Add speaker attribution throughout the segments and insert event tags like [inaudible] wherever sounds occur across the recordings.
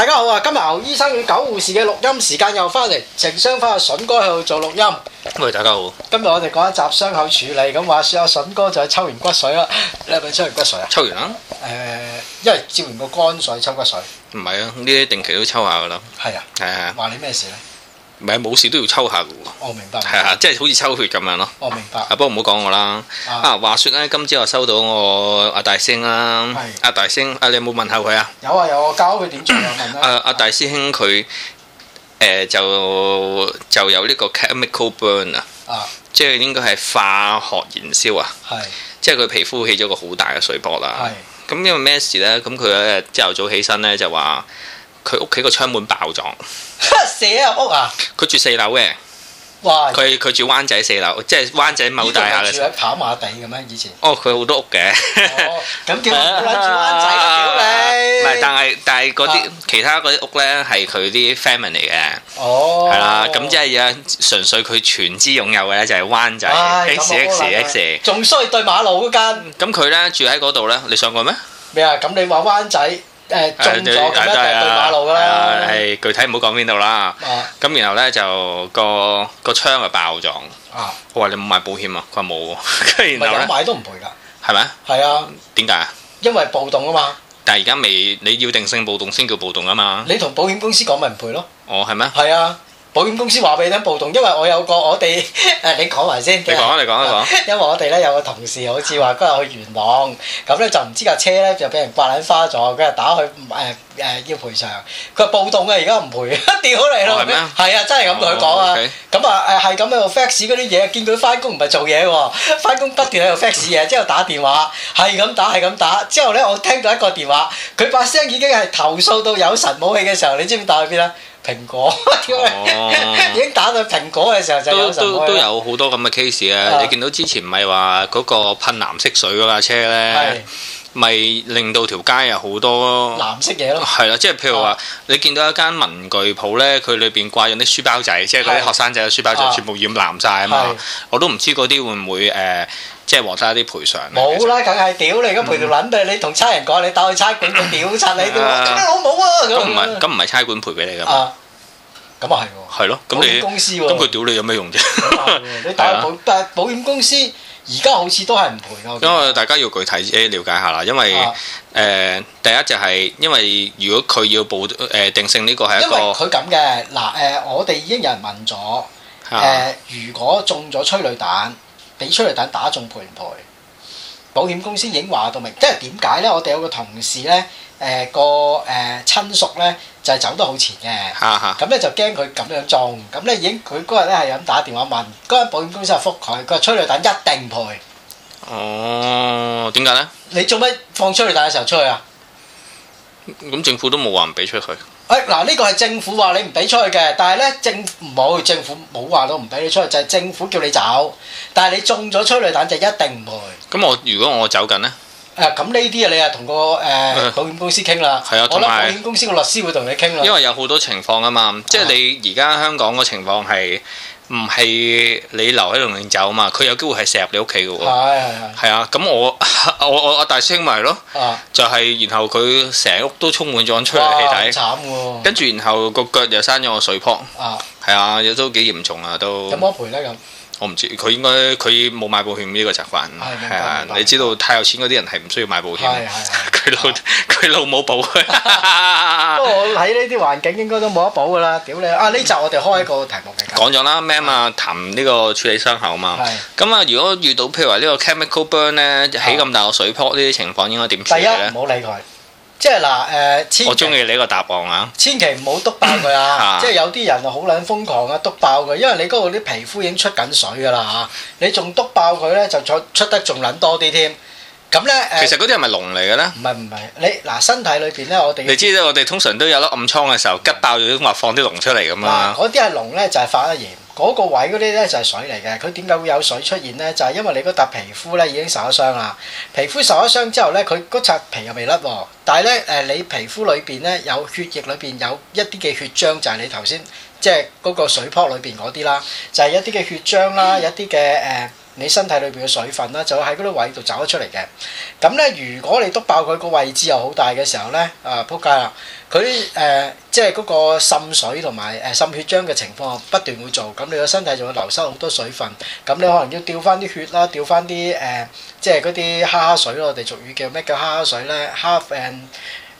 Speaker 1: 大家好啊！今日牛醫生與狗護士嘅錄音時間又翻嚟，成雙翻阿筍哥喺度做錄音。
Speaker 2: 喂，大家好。
Speaker 1: 今日我哋講一集傷口處理，咁話說阿筍哥就係抽完骨水啦。你係咪抽完骨水完啊？抽完啦。誒，因為照完個肝水抽骨水。
Speaker 2: 唔係啊，呢啲定期都抽下噶啦。係啊。係啊。話、啊、你咩事咧？唔係冇事都要抽下嘅，我明白，係啊，即係好似抽血咁樣咯。我明白。啊，不過唔好講我啦。啊，話説咧，今朝我收到我阿大聲啦，阿大聲，啊，你有冇問下佢啊？
Speaker 1: 有啊有，我教佢
Speaker 2: 點做啊問啦。阿大師兄佢誒就就有呢個 chemical burn 啊，即係應該係化學燃燒啊，即係佢皮膚起咗個好大嘅水泡啦。咁因為咩事咧？咁佢誒朝頭早起身咧就話。佢屋企個窗門爆咗，
Speaker 1: 死啊屋啊！
Speaker 2: 佢住四樓嘅，哇！佢佢住灣仔四樓，即係灣仔某大廈嘅。以前住喺
Speaker 1: 跑馬地咁
Speaker 2: 樣，以前。哦，佢好多屋嘅，咁叫你冇諗住灣仔啦，屌你！唔係，但係但係嗰啲其他嗰啲屋咧，係佢啲 family 嘅。哦，係啦，咁即係樣純粹佢全資擁有嘅咧，就係灣仔。X X X，仲衰對馬路嗰間。咁佢咧住喺嗰度咧，你上過咩？
Speaker 1: 咩啊？咁你話灣仔？誒，撞咗咁一齊對馬路噶啦，係
Speaker 2: 具體唔好講邊度啦。咁然後咧就個個窗啊爆咗。我話，你冇買保險啊？佢話冇喎。唔係，咁買都唔賠噶，係咪啊？係啊嗎。點解啊？
Speaker 1: 因為暴動啊嘛。
Speaker 2: 但係而家未，你要定性暴動先叫暴動啊嘛。你同
Speaker 1: 保險公司講咪唔賠咯。
Speaker 2: 哦，係咩？係啊。
Speaker 1: 保險公司話俾你聽暴動，因為我有個我哋誒，你講埋先。你講你講你講。 [laughs] 因為我哋咧有個同事好似話今日去元朗，咁咧就唔知架車咧就俾人刮爛花咗，跟住打去誒誒、呃呃、要賠償。佢話暴動嘅，而家唔賠，屌你咯，係咩、哦？啊，真係咁同佢講啊。咁啊誒係咁喺度 fax 嗰啲嘢，見佢翻工唔係做嘢喎，翻工不斷喺度 fax 嘢，之後打電話，係咁打係咁打，打。之後咧我聽到一個電話，佢把聲已經係投訴到有神冇氣嘅時候，你知唔知打去邊啊？蘋
Speaker 2: 果，屌！已經
Speaker 1: 打到蘋果嘅時候就都都有
Speaker 2: 好多咁嘅 case 啊！你見到之前咪話嗰個噴藍色水嗰架車咧，咪令到條街有好多藍
Speaker 1: 色嘢咯。係
Speaker 2: 啦，即係譬如話你見到一間文具鋪咧，佢裏邊掛緊啲書包仔，即係嗰啲學生仔嘅書包仔全部染藍晒啊嘛！我都唔知嗰啲會唔會誒，即係獲得一啲賠償。冇
Speaker 1: 啦，梗係屌你嘅賠條撚㗎！你同差人講，你打去差館度屌親你，屌你老母啊！咁唔係，咁
Speaker 2: 唔係差館賠俾你㗎。咁啊係喎，係咯，的保險公司咁佢屌你有咩用啫？你
Speaker 1: 打保，但的保險公司而家好似都係唔賠
Speaker 2: 囉。因為大家要具體啲瞭解下啦，因為誒的、呃、第一就係、是、因為如果佢要保誒、呃、定性呢個係一個佢
Speaker 1: 咁嘅嗱誒，我哋已經有人問咗誒的、呃，如果中咗催淚彈，俾催淚彈打中賠唔賠？保險公司已經話到明，即係點解咧？我哋有個同事咧。誒個誒親屬咧就走得好前嘅，咁咧就驚佢咁樣中，咁咧已經佢嗰日咧係咁打電話問，嗰間保險公司就覆佢，佢話催淚彈一定唔賠。
Speaker 2: 哦，點解咧？你做咩放催淚彈嘅時候出去啊？咁政府都冇話唔俾出去。
Speaker 1: 誒嗱，呢個係政府話你唔俾出去嘅，但係咧政唔好，政府冇話到唔俾你出去，就係政府叫你走。但係你中咗催淚彈就一定唔賠。
Speaker 2: 咁我如果我走緊咧？啊咁呢啲啊，你啊同個誒保險公司傾啦，我覺得保險
Speaker 1: 公司個律師會同你傾啦。因為
Speaker 2: 有好多情況啊嘛，即係你而家香港個情況係唔係你留喺度永走啊嘛，佢有機會係射入你屋企嘅喎。係啊，咁我我我大聲咪咯，就係然後佢成屋都充滿咗出嚟氣體，好慘喎。跟住然後個腳又生咗個水泡，係啊，亦都幾嚴重啊都。咁
Speaker 1: 樣賠咧咁？
Speaker 2: 我唔知，佢應該佢冇買保險呢個習慣，係啊，你知道太有錢嗰啲人係唔需要買保險，佢老佢老母保，不過我
Speaker 1: 睇呢啲環境應該都冇得保噶啦，屌你啊！呢集我哋開一個題
Speaker 2: 目嚟講咗啦，咩啊？談呢個處理傷口啊嘛，咁啊，如果遇到譬如話呢個 chemical burn 咧，起咁大個水泡呢啲情況應該點處理咧？唔好理
Speaker 1: 佢。即係嗱，誒、呃、我中意
Speaker 2: 你個答案啊！
Speaker 1: 千祈唔好篤爆佢啊！即係有啲人啊，好撚瘋狂啊篤爆佢，因為你嗰度啲皮膚已經出緊水㗎啦嚇，你仲篤爆佢咧，就再出得仲撚多啲添。
Speaker 2: 咁咧，呃、其實嗰啲係咪膿嚟嘅咧？唔係唔係，
Speaker 1: 你嗱、呃、身體裏邊咧，我哋你知
Speaker 2: 啦，我哋通常都有粒暗瘡嘅時候，吉爆咗都話放啲膿出嚟㗎嘛。
Speaker 1: 嗰啲係膿咧，就係、是、發咗炎。嗰個位嗰啲咧就係水嚟嘅，佢點解會有水出現咧？就係因為你嗰笪皮膚咧已經受咗傷啦，皮膚受咗傷之後咧，佢嗰層皮又未甩，但係咧誒，你皮膚裏邊咧有血液裏邊有一啲嘅血漿，就係你頭先即係嗰個水泡裏邊嗰啲啦，就係一啲嘅血漿啦，一啲嘅誒。呃你身體裏邊嘅水分啦，就會喺嗰啲位度走得出嚟嘅。咁咧，如果你篤爆佢個位置又好大嘅時候咧，啊，仆街啦！佢誒，即係嗰個滲水同埋誒滲血漿嘅情況不斷會做，咁你個身體就會流失好多水分。咁你可能要掉翻啲血啦，掉翻啲誒，即係嗰啲蝦蝦水咯，我哋俗語叫咩叫蝦蝦水咧？蝦誒。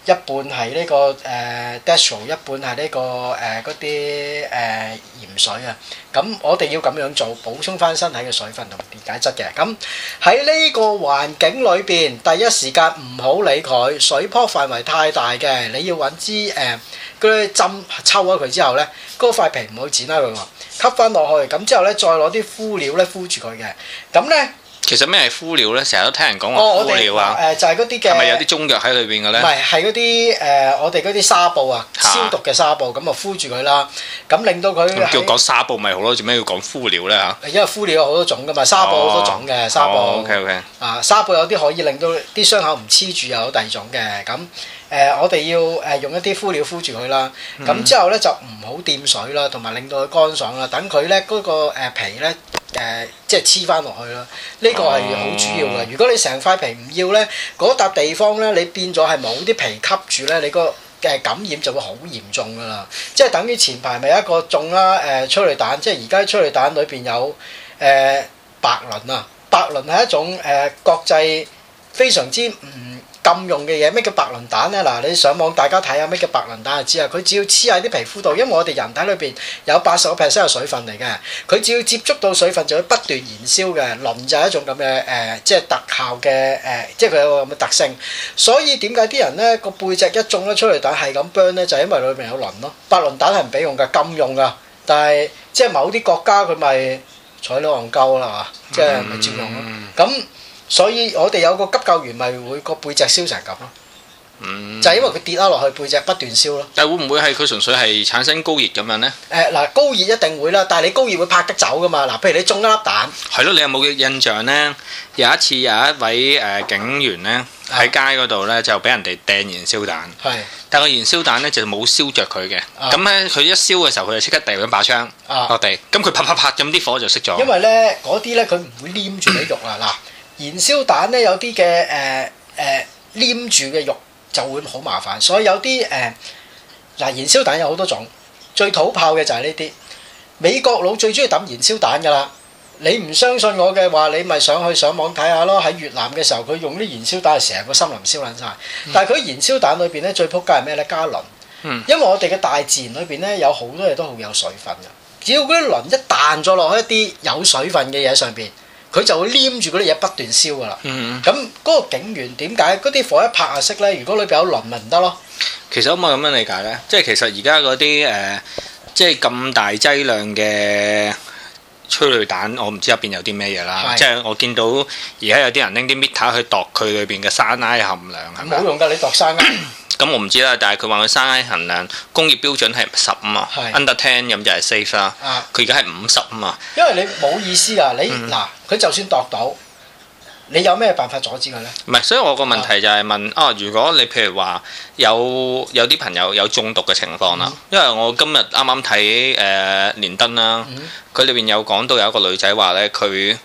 Speaker 1: 一半係呢、這個誒 dasho，呃、一半係呢、這個誒嗰啲誒鹽水啊。咁我哋要咁樣做，補充翻身體嘅水分同電解質嘅。咁喺呢個環境裏邊，第一時間唔好理佢。水泡範圍太大嘅，你要揾支誒佢針抽咗佢之後咧，嗰塊皮唔好剪啦，佢話吸翻落去。咁之後咧，再攞啲敷料咧敷住佢嘅。咁咧。
Speaker 2: 其實咩係敷料咧？成日都聽人講話敷料啊！誒
Speaker 1: 就係嗰啲嘅，係咪有
Speaker 2: 啲中藥喺裏邊嘅咧？唔係，
Speaker 1: 係嗰啲誒我哋嗰啲紗布啊，消毒嘅紗布，咁啊敷住佢啦，咁令到佢叫
Speaker 2: 講紗布咪好咯？做咩要講敷料咧嚇？
Speaker 1: 因為敷料有好多種噶嘛，紗布好多種嘅紗布、哦、紗布、哦。OK OK 啊，紗布有啲可以令到啲傷口唔黐住，又有第二種嘅咁誒，我哋要誒用一啲敷料敷住佢啦。咁之後咧就唔好掂水啦，同埋令到佢乾爽啦，等佢咧嗰個皮咧。誒、呃、即係黐翻落去咯，呢、這個係好主要嘅。如果你成塊皮唔要咧，嗰、那、笪、個、地方咧，你變咗係冇啲皮吸住咧，你、那個嘅、呃、感染就會好嚴重㗎啦。即係等於前排咪有一個中啦、啊，誒、呃、催淚彈，即係而家催淚彈裏邊有誒、呃、白磷啊，白磷係一種誒、呃、國際非常之唔。禁用嘅嘢，咩叫白磷彈咧？嗱，你上網大家睇下咩叫白磷彈就知啦。佢只要黐喺啲皮膚度，因為我哋人體裏邊有八十個 percent 嘅水分嚟嘅，佢只要接觸到水分就會不斷燃燒嘅。磷就係一種咁嘅誒，即係特效嘅誒、呃，即係佢有個咁嘅特性。所以點解啲人咧個背脊一中咗出嚟，但係咁 burn 咧，就係、因為裏面有磷咯。白磷彈係唔俾用㗎，禁用噶。但係即係某啲國家佢咪採攞戇鳩啦，即係咪照用咁？所以我哋有個急救員咪會個背脊燒成咁咯，就係因為佢跌咗落去背脊不斷燒咯。
Speaker 2: 但係會唔會係佢純粹係產生高熱咁樣咧？
Speaker 1: 誒嗱，高熱一定會啦，但係你高熱會拍得走噶嘛？嗱，譬如你中一粒彈
Speaker 2: 係咯，你有冇印象咧？有一次有一位誒警員咧喺街嗰度咧就俾人哋掟燃燒彈，係，但個燃燒彈咧就冇燒著佢嘅，咁咧佢一燒嘅時候佢就即刻掉咗把槍落地，咁佢啪啪啪咁啲火就熄咗。因為
Speaker 1: 咧嗰啲咧佢唔會黏住你肉啊嗱。燃燒彈咧有啲嘅誒誒黏住嘅肉就會好麻煩，所以有啲誒嗱燃燒彈有好多種，最土炮嘅就係呢啲美國佬最中意抌燃燒彈噶啦。你唔相信我嘅話，你咪上去上網睇下咯。喺越南嘅時候，佢用啲燃燒彈係成個森林燒爛晒。但係佢燃燒彈裏邊咧最仆街係咩咧？加磷，因為我哋嘅大自然裏邊咧有好多嘢都好有水分嘅，只要嗰啲磷一彈咗落去一啲有水分嘅嘢上邊。佢就會黏住嗰啲嘢不斷燒噶啦，嗯嗯，咁嗰個警員點解嗰啲火一拍下熄呢？如果裏邊有磷咪唔得咯。
Speaker 2: 其實可唔可以咁樣理解呢？即係其實而家嗰啲誒，即係咁大劑量嘅。催淚彈，我唔知入邊有啲咩嘢啦。是的 即係我見到而家有啲人拎啲 meter 去度佢裏邊嘅山埃含量。
Speaker 1: 冇用㗎，你度山埃，
Speaker 2: 咁我唔知啦，但係佢話佢山埃含量工業標準係十五啊 Under ten 咁就係 safe 啦。佢而家係五十啊嘛。
Speaker 1: 因為你冇意思啊，你嗱佢、嗯、就算度到。你有咩辦法阻止
Speaker 2: 佢呢？唔係，所以我個問題就係問啊，如果你譬如話有有啲朋友有中毒嘅情況啦，嗯、因為我今日啱啱睇誒連登啦，佢裏邊有講到有一個女仔話呢，佢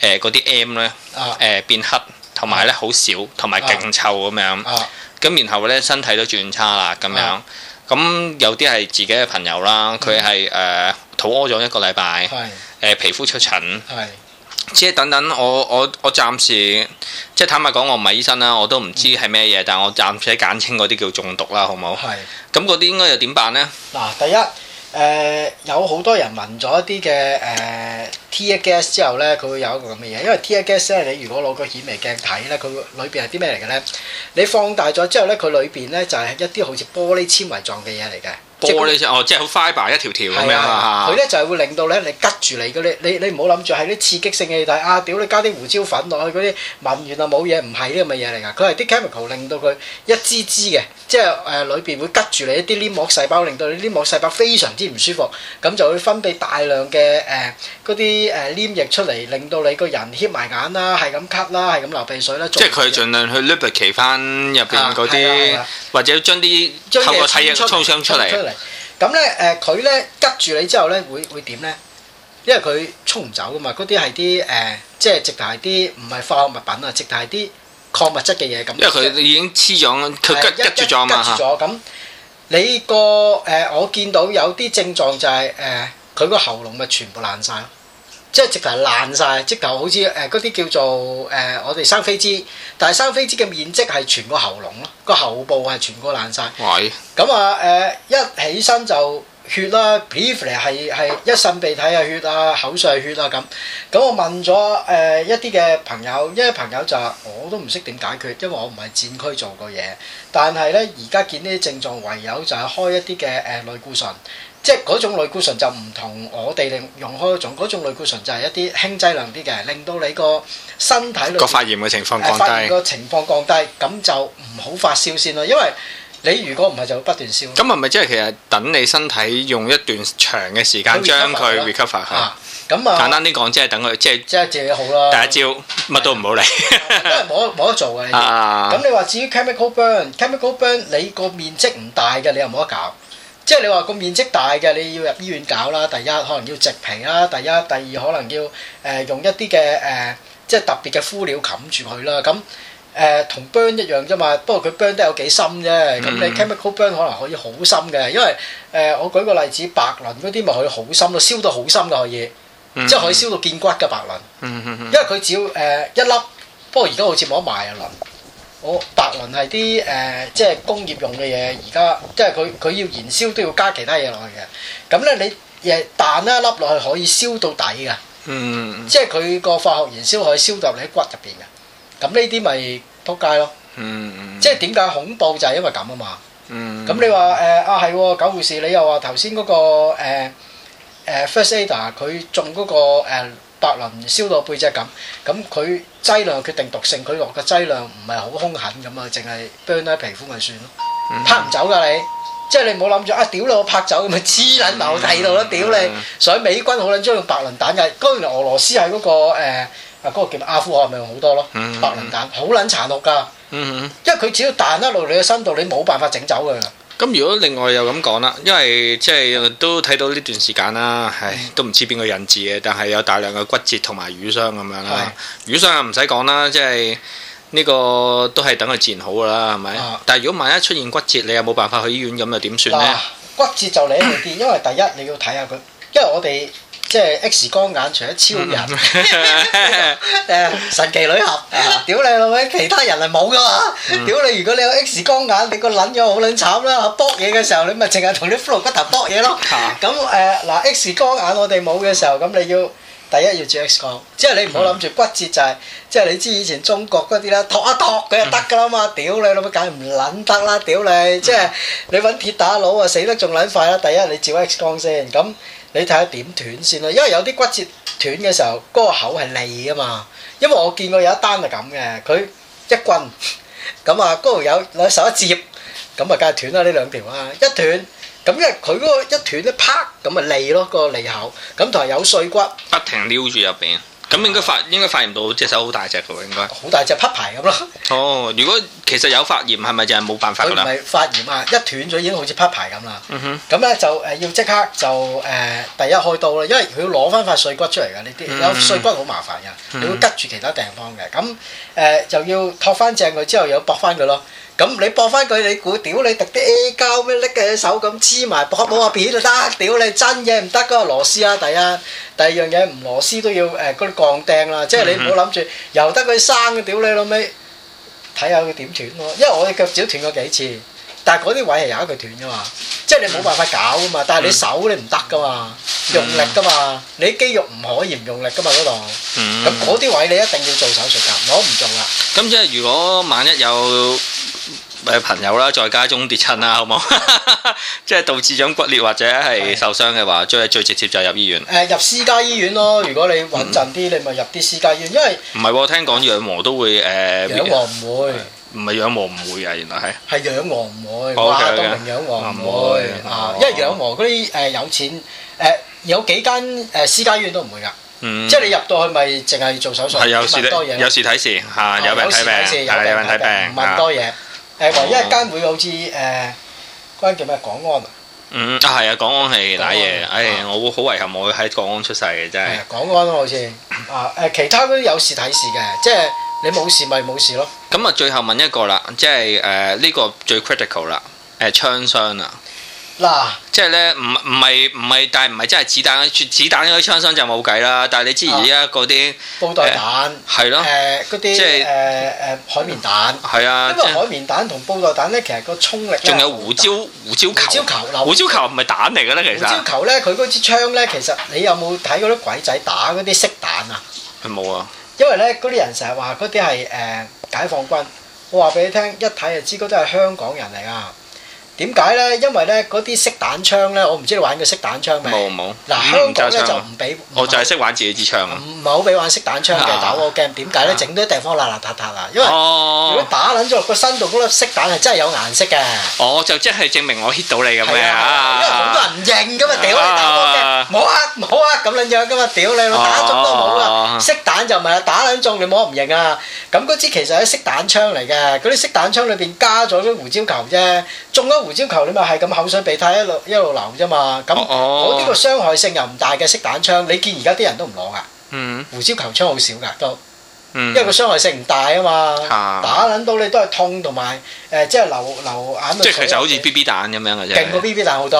Speaker 2: 嗰啲 M 咧、呃、誒、啊、變黑，同埋咧好少，同埋勁臭咁、啊、樣。咁、啊、然後呢，身體都轉差啦，咁樣。咁、啊、有啲係自己嘅朋友啦，佢係誒肚屙咗一個禮拜，皮膚出疹。嗯即等等，我我我暫時即係坦白講，我唔係醫生啦，我都唔知係咩嘢，嗯、但係我暫且簡稱嗰啲叫中毒啦，好冇？係是。咁嗰啲應該又點辦咧？
Speaker 1: 嗱，第一誒、呃、有好多人聞咗一啲嘅誒 tear gas 之後咧，佢會有一個咁嘅嘢，因為 tear gas 咧，你如果攞個顯微鏡睇咧，佢會裏邊係啲咩嚟嘅咧？你放大咗之後咧，佢裏邊咧就係一啲好似玻璃纖維狀
Speaker 2: 嘅嘢嚟嘅。哦，即係好 fiber 一條條咁、啊、樣佢咧、啊、就
Speaker 1: 係、是、會令到咧嚟拮住你嘅，你你唔好諗住係啲刺激性嘅嘢，但係啊屌你加啲胡椒粉落去嗰啲，聞完來冇嘢，唔係呢咁嘅嘢嚟㗎，佢係啲 chemical 令到佢一支支嘅。即係誒裏邊會拮住你一啲黏膜細胞，令到你黏膜細胞非常之唔舒服，咁就會分泌大量嘅誒嗰啲誒黏液出嚟，令到你個人黐埋眼啦，係咁咳啦，係咁流鼻水啦。即係佢
Speaker 2: 盡量去 replicate 翻入邊嗰啲，或者將啲透過體液沖傷出嚟。
Speaker 1: 咁咧誒，佢咧拮住你之後咧，會會點咧？因為佢沖唔走㗎嘛，嗰啲係啲誒，即係直大啲，唔係化學物品啊，直大啲。礦物質嘅嘢咁，因為佢
Speaker 2: 已經黐咗，佢拮拮住咗啊嘛嚇。咁你
Speaker 1: 個誒，我見到有啲症狀就係誒，佢個喉嚨咪全部爛曬咯，即係直頭爛曬，直頭好似誒嗰啲叫做誒我哋生飛枝，但係生飛枝嘅面積係全個喉嚨咯，個喉部係全部爛曬。喂！咁啊誒，一起身就～血啦、啊，皮翻嚟係係一擤鼻涕下血啊，口水係血啊咁。咁我問咗誒、呃、一啲嘅朋友，一啲朋友就話：我都唔識點解決，因為我唔係戰區做過嘢。但係咧，而家見呢啲症狀，唯有就係開一啲嘅誒類固醇，即係嗰種類固醇就唔同我哋用開嗰種。嗰種類固醇就係一啲輕劑量啲嘅，令到你個身體內個發炎嘅
Speaker 2: 情況降低，個、呃、
Speaker 1: 情況降低，咁就唔好發燒先啦，因為。你如果唔係就不斷燒。
Speaker 2: 咁係咪即係其實等你身體用一段長嘅時間將佢 recover 下？啊，咁啊。簡單啲講，即係等佢，即係即
Speaker 1: 係借好啦。第
Speaker 2: 一招，乜都唔好理，都係
Speaker 1: 冇得冇得做嘅。咁你話至於 chemical burn，chemical burn，你個面積唔大嘅，你又冇得搞。即係你話個面積大嘅，你要入醫院搞啦。第一可能要植皮啦，第一第二可能要誒用一啲嘅誒即係特別嘅敷料冚住佢啦。咁。誒同、呃、burn 一樣啫嘛，不過佢 burn 得有幾深啫。咁、嗯、你 chemical burn 可能可以好深嘅，因為誒、呃、我舉個例子，白磷嗰啲咪可以好深咯，燒到好深嘅可以，
Speaker 2: 即係、嗯、可以燒到
Speaker 1: 見骨嘅白磷。嗯嗯嗯、因為佢只要誒、呃、一粒，不過而家好似冇得賣啊磷。我白磷係啲誒即係工業用嘅嘢，而家即係佢佢要燃燒都要加其他嘢落去嘅。咁咧你誒、呃、彈一粒落去可以燒到底嘅，嗯嗯、即係佢個化學燃燒可以燒到你喺骨入邊嘅。咁呢啲咪撲街咯，即係點解恐怖就係因為咁啊嘛。咁你話誒啊係救護士，你又話頭先嗰個誒誒 first aider 佢中嗰個誒白磷燒到背脊咁，咁佢劑量決定毒性，佢落個劑量唔係好兇狠咁啊，淨係 burn 喺皮膚咪算咯，拍唔走㗎你，即係你冇諗住啊屌你我拍走咁啊黐撚埋，喺度咯屌你，所以美軍好撚鍾用白磷彈嘅，當然俄羅斯係嗰個誒。啊，嗰、那個叫阿富汗咪好多咯，嗯、白磷彈，好撚、嗯、殘酷㗎，嗯嗯、因為佢只要彈一路你嘅身度，你冇辦法整走佢。
Speaker 2: 咁如果另外又咁講啦，因為即係都睇到呢段時間啦，唉，唉都唔知邊個人治嘅，但係有大量嘅骨折同埋瘀傷咁樣啦。瘀傷啊唔使講啦，即係呢、這個都係等佢自然好㗎啦，係咪？啊、但係如果萬一出現骨折，你又冇辦法去醫院，咁又點算咧？
Speaker 1: 骨折就你嚟啲，因為第一你要睇下佢，因為我哋。即係 X 光眼，除咗超人，神奇女俠，屌你老味，其他人係冇噶嘛？屌你，如果你有 X 光眼，你個撚嘢好撚慘啦！嚇，搏嘢嘅時候，你咪淨係同啲骷髏骨頭搏嘢咯。咁誒嗱，X 光眼我哋冇嘅時候，咁你要第一要照 X 光，即係你唔好諗住骨折就係，即係你知以前中國嗰啲啦，托一托佢就得噶啦嘛？屌你，老味梗係唔撚得啦？屌你，即係你揾鐵打佬啊，死得仲撚快啦！第一你照 X 光先咁。你睇下點斷先啦，因為有啲骨折斷嘅時候，嗰、嗰個口係利啊嘛。因為我見過有一單係咁嘅，佢一棍咁啊，嗰度有攞手一接，咁啊梗係斷啦呢兩條啊，一斷咁因為佢嗰個一斷咧啪咁啊，利咯個利口，咁同埋有碎骨，
Speaker 2: 不停撩住入邊。咁應該發應該發炎到隻手好大隻嘅喎，應該好大隻匹牌咁咯。哦，oh, 如果其實有發炎係咪就係冇辦法啦？佢係
Speaker 1: 發炎啊，一斷咗已經好似匹牌咁啦。咁咧、mm hmm. 就誒要即刻就誒、呃、第一開刀啦，因為佢要攞翻塊碎骨出嚟㗎呢啲，有碎骨好麻煩、mm hmm. 你會拮住其他地方嘅。咁誒又要托翻正佢之後，又駁翻佢咯。咁你搏翻佢，你估屌你，揼啲 A 膠咩？拎嘅手咁黐埋，搏冇話片就得。屌你，真嘢唔得噶，螺絲啊，第二第二樣嘢唔螺絲都要誒嗰啲鋼釘啦。即係你唔好諗住由得佢生嘅。屌你老尾，睇下佢點斷咯。因為我嘅腳趾斷過幾次，但係嗰啲位係有一句斷噶嘛。即係你冇辦法搞噶嘛。但係你手你唔得噶嘛，用力噶嘛，你肌肉唔可以唔用力噶嘛嗰度。
Speaker 2: 咁嗰啲
Speaker 1: 位你一定要做手術㗎，唔好唔做啦。
Speaker 2: 咁即係如果萬一有？朋友啦，在家中跌親啦，好冇？即係導致咗骨裂，或者係受傷嘅話，最最直接就入醫院。
Speaker 1: 誒，入私家醫院咯。如果你穩陣啲，你咪入啲私家醫院。因
Speaker 2: 為唔係，聽講養和都會誒。養和唔會，唔係養和唔會啊！原來係係養和唔會，哇都唔養和唔會啊！因為養
Speaker 1: 和嗰啲誒有錢誒有幾間誒私家醫院都唔會噶，即係你入到去咪淨係做手術，唔問多嘢，有
Speaker 2: 事睇事吓，有病睇病，有病睇病，唔問多嘢。
Speaker 1: 誒唯一一間會好似誒嗰間叫咩港安
Speaker 2: 啊？嗯啊係啊，港、啊、安係瀨嘢，唉安，哎、我好遺憾，我喺港安出世嘅真係。
Speaker 1: 港安啊，安好似啊誒、呃，其他都有事睇事嘅，即係你冇事咪冇事咯。
Speaker 2: 咁、嗯、啊，最後問一個啦，即係誒呢個最 critical 啦，誒、呃、槍傷啊！嗱，即係咧，唔唔係唔係，但係唔係真係子彈，子彈嗰啲槍傷就冇計啦。但係你知而家嗰啲
Speaker 1: 布袋彈，
Speaker 2: 係咯、哎，誒嗰啲誒誒
Speaker 1: 海綿彈，
Speaker 2: 係啊、嗯，因為海
Speaker 1: 綿彈同布袋彈咧，其實個衝力仲有
Speaker 2: 胡椒胡椒球胡椒球唔係彈嚟嘅咧，其實胡椒
Speaker 1: 球咧，佢嗰支槍咧，其實你有冇睇嗰啲鬼仔打嗰啲色彈啊？係冇啊，因為咧嗰啲人成日話嗰啲係誒解放軍，我話俾你聽，一睇就知嗰都係香港人嚟㗎。點解咧？因為咧嗰啲色彈槍咧，我唔知你玩過色彈槍未？冇
Speaker 2: 冇。嗱香港咧就唔俾，我就係識玩自己支槍啊。唔
Speaker 1: 唔好俾玩色彈槍嘅打嗰個 game。點解咧？整啲地方邋邋遢遢啊！因為如果打撚中落個身度嗰粒色彈係真係有顏色嘅。
Speaker 2: 哦，就即係證明我 hit 到你咁樣啊！因為好多人唔認噶嘛，屌你打
Speaker 1: 嗰 game，冇啊冇啊咁撚樣噶嘛，屌你打中都冇啊！色彈就唔係啦，打撚中你摸唔認啊！咁嗰支其實係色彈槍嚟嘅，嗰啲色彈槍裏邊加咗啲胡椒球啫，中咗。胡椒球你咪係咁口水鼻涕一路一路流啫嘛，咁、
Speaker 2: oh, oh. 我呢個
Speaker 1: 傷害性又唔大嘅色彈槍，你見而家啲人都唔攞噶，mm hmm. 胡椒球槍好少噶都
Speaker 2: ，mm hmm. 因為個
Speaker 1: 傷害性唔大啊嘛，mm hmm. 打撚到你都係痛同埋誒，即係流流眼淚。即係其實
Speaker 2: 好似 B B 彈咁樣嘅啫，勁過 B
Speaker 1: B 彈好多。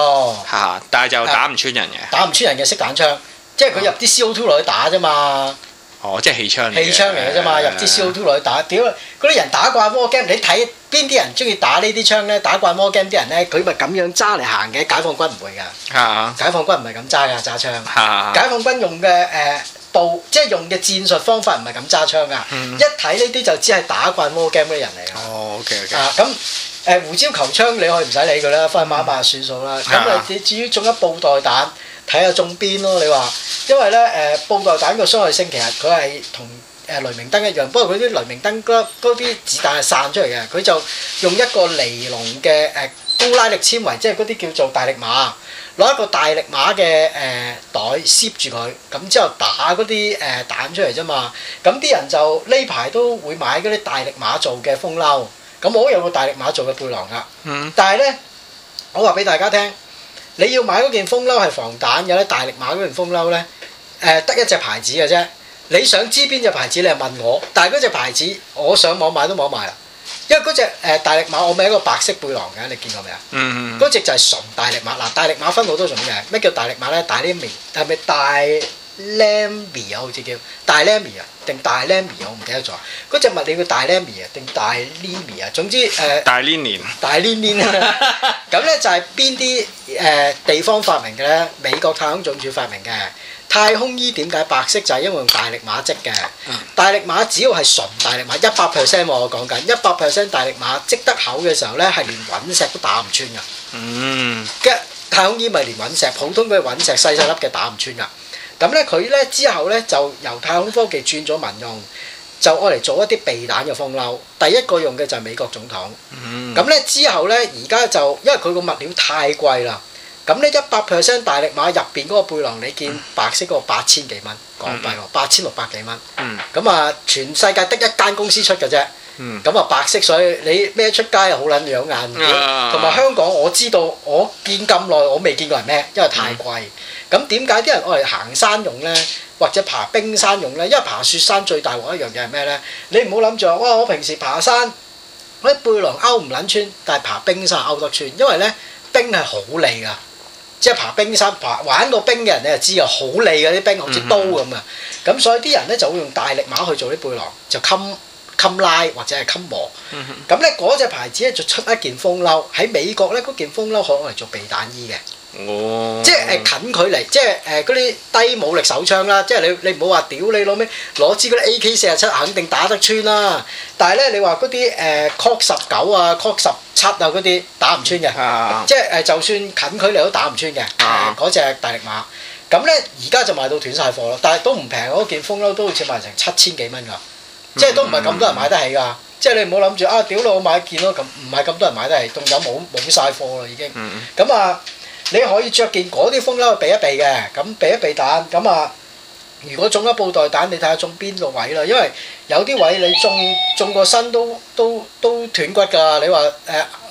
Speaker 1: 嚇、
Speaker 2: mm hmm. 啊，但係就打唔穿人嘅。
Speaker 1: 打唔穿人嘅色彈槍，即係佢入啲 CO2 落去打啫嘛。Mm hmm.
Speaker 2: 哦，即係氣槍嚟。氣槍嚟嘅啫嘛，是啊、是入支消 t
Speaker 1: 落去打，屌嗰啲人打慣 w game，你睇邊啲人中意打呢啲槍咧？打慣 w game 啲人咧，佢咪咁樣揸嚟行嘅，解放軍唔會噶。是啊、解放軍唔係咁揸噶，揸槍。是啊是啊解放軍用嘅誒步，即、呃、係、就是、用嘅戰術方法唔係咁揸槍噶。一睇呢啲就只係打慣 w game 嘅人嚟噶。哦，OK OK。啊，咁誒胡椒球槍你可以唔使理佢啦，翻去買一買算數啦。咁例如至於種一步代彈。睇下中邊咯，你話，因為咧，誒、呃、布袋彈個傷害性其實佢係同誒雷明燈一樣，不過佢啲雷明燈嗰啲子彈係散出嚟嘅，佢就用一個尼龍嘅誒、呃、高拉力纖維，即係嗰啲叫做大力馬，攞一個大力馬嘅誒、呃、袋攝住佢，咁之後打嗰啲誒彈出嚟啫嘛，咁啲人就呢排都會買嗰啲大力馬做嘅風褸，咁我有個大力馬做嘅背囊噶，但係咧，我話俾大家聽。你要買嗰件風褸係防彈嘅咧，大力馬嗰件風褸咧，誒、呃、得一隻牌子嘅啫。你想知邊隻牌子？你係問我。但係嗰隻牌子，我上網買，買都冇得賣啦。因為嗰隻誒、呃、大力馬，我咪一個白色背囊嘅，你見過未啊？嗰、嗯嗯、隻就係純大力馬嗱、啊。大力馬分好多種嘅，咩叫大力馬咧？大啲面係咪大？Lamy 啊，ame, 好似叫大 Lamy 啊，定大 Lamy 啊，我唔記得咗。嗰隻物料叫大 Lamy 啊，定大 Lamy 啊，總之誒。
Speaker 2: 大、呃、Limi。
Speaker 1: 大 Limi 啦。咁咧就係邊啲誒地方發明嘅咧？美國太空總署發明嘅太空衣點解白色？就係因為用大力馬織嘅。嗯。大力馬只要係純大力馬，一百 percent 我講緊，一百 percent 大力馬織得厚嘅時候咧，係連隕石都打唔穿㗎。嗯。嘅太空衣咪連隕石，普通嘅隕石細細粒嘅打唔穿㗎。咁咧佢咧之後咧就由太空科技轉咗民用，就攞嚟做一啲避彈嘅風褸。第一個用嘅就係美國總統。咁咧、嗯、之後咧，而家就因為佢個物料太貴啦。咁咧一百 percent 大力馬入邊嗰個背囊你，你見、嗯、白色嗰個八千幾蚊港幣喎，嗯、八千六百幾蚊。咁啊、嗯，全世界得一間公司出嘅啫。咁啊、嗯，白色所以你孭出街好撚養眼。同埋、嗯、香港，我知道我見咁耐，我未見過人孭，因為太貴。咁點解啲人愛嚟行山用咧，或者爬冰山用咧？因為爬雪山最大鑊一樣嘢係咩咧？你唔好諗住哇！我平時爬山，我啲背囊勾唔撚穿，但係爬冰山勾得穿，因為咧冰係好利㗎，即係爬冰山爬玩過冰嘅人你就知啊，好利㗎啲冰，好似刀咁啊！咁、mm hmm。所以啲人咧就會用大力馬去做啲背囊，就襟襟拉或者係襟磨。咁咧嗰隻牌子咧就出一件風褸喺美國咧，嗰件風褸可攞嚟做避彈衣嘅。哦、即係誒近距離，即係誒嗰啲低武力手槍啦，即係你你唔好話屌你攞咩攞支嗰啲 AK 四啊七肯定打得穿啦，但係咧你話嗰啲誒 Cock 十九啊 Cock 十七啊嗰啲打唔穿嘅，嗯嗯、即係誒就算近距離都打唔穿嘅嗰隻大力馬。咁咧而家就賣到斷晒貨咯，但係都唔平，嗰件風褸都好似賣成七千幾蚊㗎，即係都唔係咁多人買得起㗎。即係、嗯、你唔好諗住啊屌你我買一件咯，咁唔係咁多人買得起，仲有冇冇曬貨啦已經。咁啊、嗯、～你可以着件嗰啲風褸避一避嘅，咁避一避彈，咁啊，如果中咗布袋彈，你睇下中邊個位啦，因為有啲位你中中個身都都都斷骨㗎，你話誒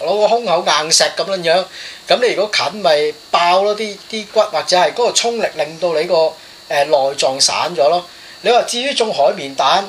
Speaker 1: 攞個胸口硬石咁樣樣，咁你如果近咪爆咯啲啲骨，或者係嗰個衝力令到你個誒內臟散咗咯，你話至於中海綿彈？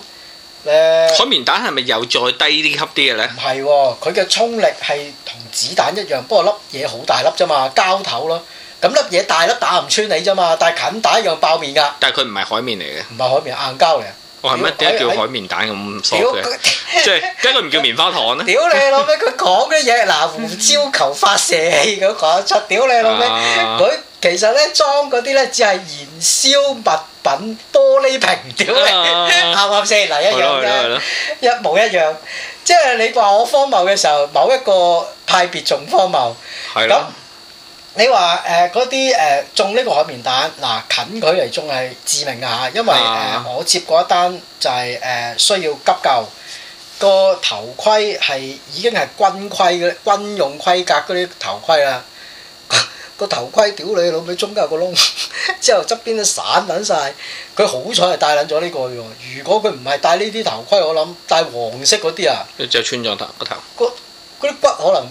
Speaker 1: 海綿
Speaker 2: 彈係咪又再低啲級啲嘅咧？
Speaker 1: 唔係喎，佢嘅衝力係同子彈一樣，不過粒嘢好大粒啫嘛，膠頭咯。咁粒嘢大粒打唔穿你啫嘛，但係近打又爆面㗎。
Speaker 2: 但係佢唔係海綿嚟嘅。唔係
Speaker 1: 海綿，硬膠嚟。
Speaker 2: 我係乜點解叫海綿彈？咁傻嘅？即係點解佢唔叫棉花糖咧？屌你老味！
Speaker 1: 佢講嘅嘢嗱胡椒球發射器咁講得出，屌你老味佢。其實咧，裝嗰啲咧只係燃燒物品，玻璃瓶點啊？啱唔啱先？嗱 [laughs] 一樣嘅， [laughs] 一模一樣。即係你話我荒謬嘅時候，某一個派別仲荒謬。咁的你話誒嗰啲誒種呢個海綿彈，嗱近距離種係致命㗎嚇，因為誒的我接過一單就係、是、誒、呃、需要急救，個頭盔係已經係軍規嘅軍用規格嗰啲頭盔啦。個頭盔屌你老味，中間有個窿，之後側邊都散撚晒。佢好彩係戴撚咗呢個喎。如果佢唔係戴呢啲頭盔，我諗戴黃色嗰啲啊。
Speaker 2: 佢就穿咗頭個頭。
Speaker 1: 嗰啲、那個、骨可能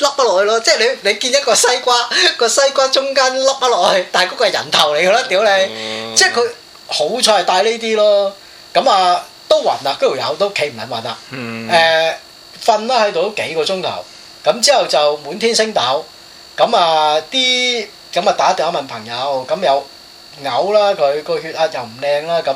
Speaker 1: 凹咗落去咯。即係你你見一個西瓜，個西瓜中間凹咗落去，但係嗰個係人頭嚟㗎啦。屌、嗯、你！
Speaker 2: 即係佢好
Speaker 1: 彩係戴呢啲咯。咁啊都暈啦，條友都企唔穩暈啦。誒瞓啦，喺度、呃、幾個鐘頭，咁之後就滿天星斗。咁啊，啲咁啊打電話問朋友，咁又嘔啦，佢個血壓又唔靚啦，咁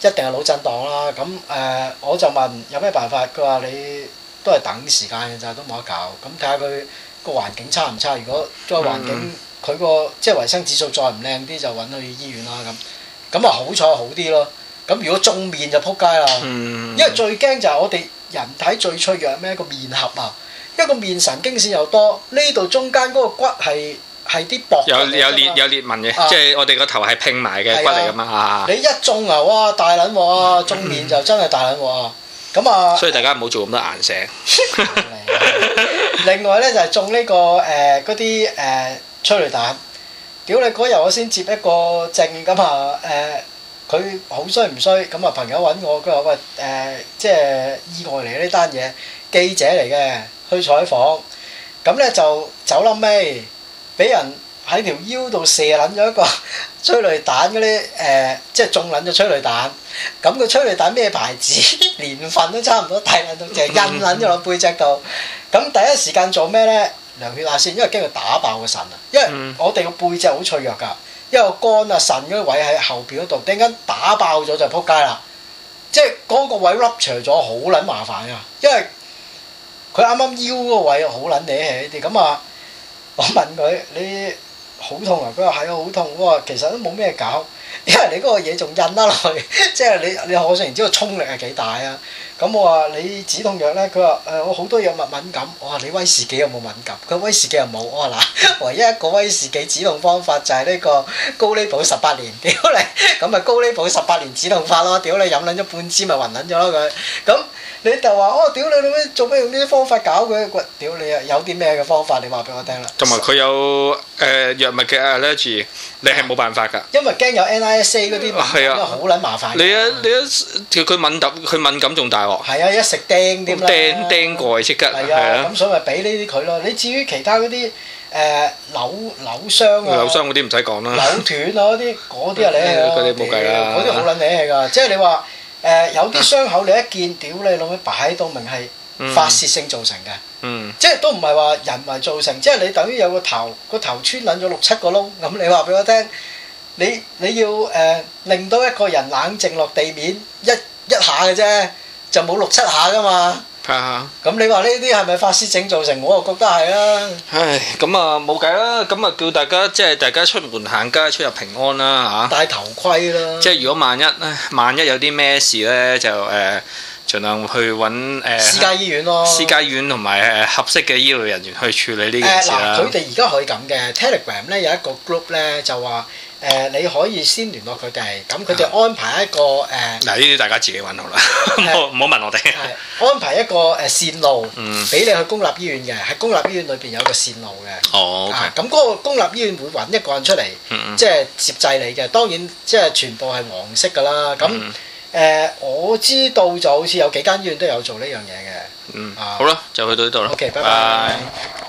Speaker 1: 一定係腦震盪啦。咁誒、呃，我就問有咩辦法，佢話你都係等時間嘅咋，都冇得搞。咁睇下佢個環境差唔差，如果再環境佢個、嗯嗯、即係衞生指數再唔靚啲，就揾去醫院啦。咁咁啊，就好彩好啲咯。咁如果中面就撲街啦，嗯嗯，因為最驚就係我哋人體最脆弱係咩？個面盒啊！一個面神經線又多，呢度中間嗰個骨係係啲薄，有
Speaker 2: 有裂有裂紋嘅，即係我哋個頭係拼埋嘅骨嚟㗎嘛。你一
Speaker 1: 中啊，哇大撚喎，中面就真係大撚喎。咁啊，所
Speaker 2: 以大家唔好做咁多顏色。
Speaker 1: 另外咧就係中呢個誒嗰啲誒催淚彈。屌你嗰日我先接一個症咁啊誒，佢好衰唔衰？咁啊朋友揾我佢話喂，誒，即係意外嚟嘅呢單嘢，記者嚟嘅。去採訪，咁咧就走冧尾，俾人喺條腰度射撚咗一個催淚彈嗰啲，誒、呃，即係中撚咗催淚彈。咁個催淚彈咩牌子、年 [laughs] 份都差唔多大，大撚到，就印撚咗落背脊度。咁第一時間做咩咧？量血壓先，因為驚佢打爆個腎啊。因為我哋個背脊好脆弱㗎，因為肝啊腎嗰啲位喺後邊度，突然間打爆咗就仆街啦。即係嗰個位 rupture 咗，好撚麻煩㗎，因為。佢啱啱腰嗰位好撚嗲，係呢啲咁啊！我問佢：你好痛啊？佢話係啊，好、嗯、痛。我話其實都冇咩搞，因為你嗰個嘢仲印得落去。即 [laughs] 係你你可想而知個衝力係幾大啊！咁我話你止痛藥咧？佢話誒，我好多藥物敏感。我話你威士忌有冇敏感？佢威士忌又冇。我話嗱，唯一一個威士忌止痛方法就係呢個高麗寶十八年。屌你！咁咪高麗寶十八年止痛法咯。屌你飲撚咗半支咪暈撚咗咯佢。咁、嗯、你就話我、哦、屌你做咩用呢啲方法搞佢？屌你啊！有啲咩嘅方法你話俾我聽啦。
Speaker 2: 同埋佢有誒藥物嘅 allergy，你係冇辦法㗎。
Speaker 1: 因為驚有 N I S A 嗰啲，係啊，好撚麻煩你。
Speaker 2: 你啊，你啊，佢敏感，佢敏感仲大。係
Speaker 1: 啊，一食掟點啦！掟
Speaker 2: 掟過先得。係啊，咁
Speaker 1: 所以咪俾呢啲佢咯。你至於其他嗰啲誒扭扭傷啊，扭
Speaker 2: 傷嗰啲唔使講啦，扭斷嗰
Speaker 1: 啲嗰啲啊，你嗰啲冇計啦，嗰啲好撚嘢㗎。即係你話誒有啲傷口，你一見屌你老味擺到明係發洩性造成嘅，嗯，即係都唔係話人為造成。即係你等於有個頭個頭穿撚咗六七個窿，咁你話俾我聽，你你要誒令到一個人冷靜落地面一一下嘅啫。就冇六七下噶嘛，咁、啊、你話呢啲係咪法師整造成？我就覺得係啊。唉，
Speaker 2: 咁啊冇計啦，咁啊叫大家即係、就是、大家出門行街出入平安啦嚇。啊、戴頭盔啦。即係如果萬一咧，萬一有啲咩事咧，就誒、呃、盡量去揾誒、呃、私家醫院咯，私家醫院同埋誒合適嘅醫療人員去處理呢件事。佢哋而
Speaker 1: 家可以咁嘅 Telegram 咧有一個 group 咧就話。誒，你可以先聯絡佢哋，咁佢哋安排一個誒。
Speaker 2: 嗱，呢啲大家自己揾好啦，唔好唔好問我哋。
Speaker 1: 安排一個誒線路，俾你去公立醫院嘅，喺公立醫院裏邊有一個線路嘅。哦
Speaker 2: ，OK。咁
Speaker 1: 嗰個公立醫院會揾一個人出嚟，即係接濟你嘅。當然，即係全部係黃色噶啦。咁誒，我知道就好似有幾間醫院都有做呢樣嘢嘅。
Speaker 2: 嗯，好啦，就去到呢度啦。OK，拜拜。